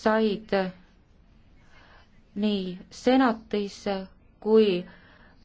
said nii senatis kui